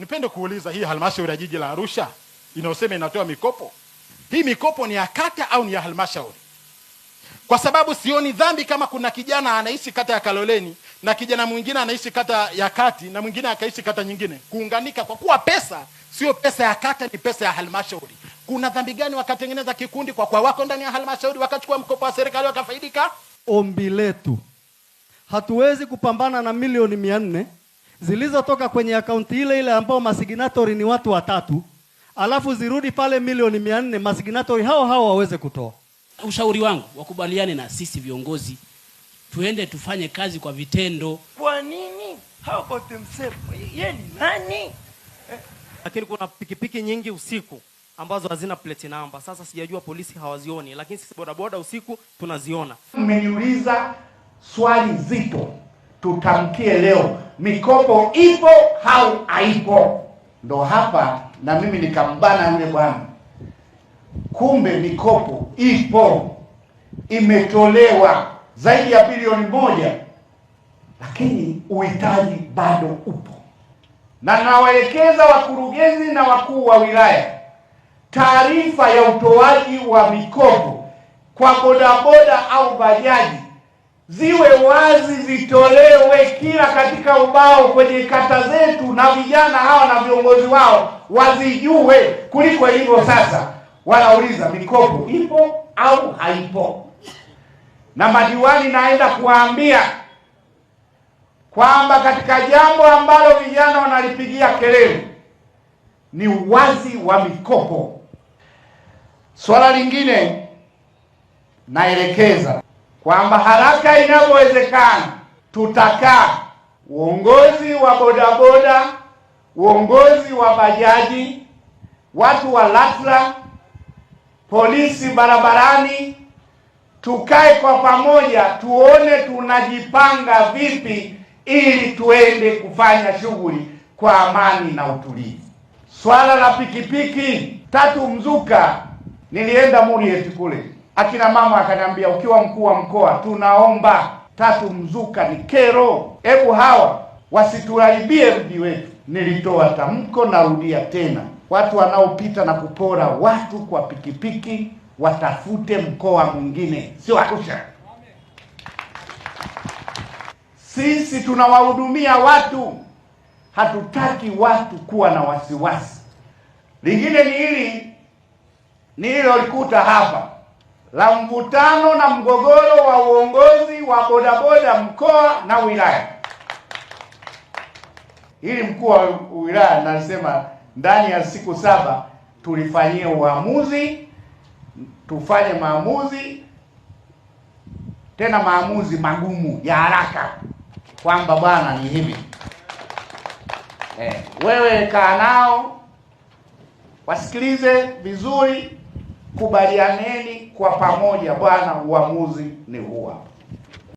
Nipende kuuliza hii halmashauri ya jiji la Arusha inayosema inatoa mikopo, hii mikopo ni ya kata au ni ya halmashauri? Kwa sababu sioni dhambi kama kuna kijana anaishi kata ya Kaloleni na kijana mwingine anaishi kata ya Kati na mwingine akaishi kata nyingine kuunganika, kwa kuwa pesa sio pesa ya kata, ni pesa ya halmashauri. Kuna dhambi gani wakatengeneza kikundi kwa kuwa wako ndani ya halmashauri wakachukua mkopo wa serikali wakafaidika? Ombi letu, hatuwezi kupambana na milioni mia nne zilizotoka kwenye akaunti ile ile ambao masignatori ni watu watatu, alafu zirudi pale milioni mia nne masignatori hao hao waweze kutoa. Ushauri wangu wakubaliane na sisi viongozi, tuende tufanye kazi kwa vitendo. Kwa nini how about themselves? Yeye ni nani? Lakini kuna pikipiki nyingi usiku ambazo hazina plate number. Sasa sijajua polisi hawazioni, lakini sisi bodaboda usiku tunaziona. Mmeniuliza swali zito tutamkie leo, mikopo ipo au haipo? Ndo hapa na mimi nikambana yule bwana, kumbe mikopo ipo, imetolewa zaidi ya bilioni moja, lakini uhitaji bado upo, na nawaelekeza wakurugenzi na wakuu wa wilaya taarifa ya utoaji wa mikopo kwa bodaboda au bajaji ziwe wazi, zitolewe kila katika ubao kwenye kata zetu, na vijana hawa na viongozi wao wazijue kuliko ilivyo sasa. Wanauliza mikopo ipo au haipo, na madiwani naenda kuwaambia kwamba katika jambo ambalo vijana wanalipigia kelele ni uwazi wa mikopo. Swala lingine naelekeza kwamba haraka inavyowezekana tutakaa uongozi wa bodaboda, uongozi wa bajaji, watu wa LATRA, polisi barabarani, tukae kwa pamoja, tuone tunajipanga vipi ili tuende kufanya shughuli kwa amani na utulivu. Swala la pikipiki tatu mzuka, nilienda Murieti kule akina mama akaniambia, ukiwa mkuu wa mkoa, tunaomba tatu mzuka ni kero, hebu hawa wasituharibie mji wetu. Nilitoa tamko, narudia tena, watu wanaopita na kupora watu kwa pikipiki watafute mkoa mwingine, sio Arusha. Sisi tunawahudumia watu, hatutaki watu kuwa na wasiwasi. Lingine ni hili nililolikuta hapa la mvutano na mgogoro wa uongozi wa bodaboda mkoa na wilaya. Ili mkuu wa wilaya anasema ndani ya siku saba tulifanyie uamuzi, tufanye maamuzi, tena maamuzi magumu ya haraka, kwamba bwana ni hivi eh, wewe kaa nao wasikilize vizuri kubalianeni kwa pamoja, Bwana, uamuzi ni huu hapa.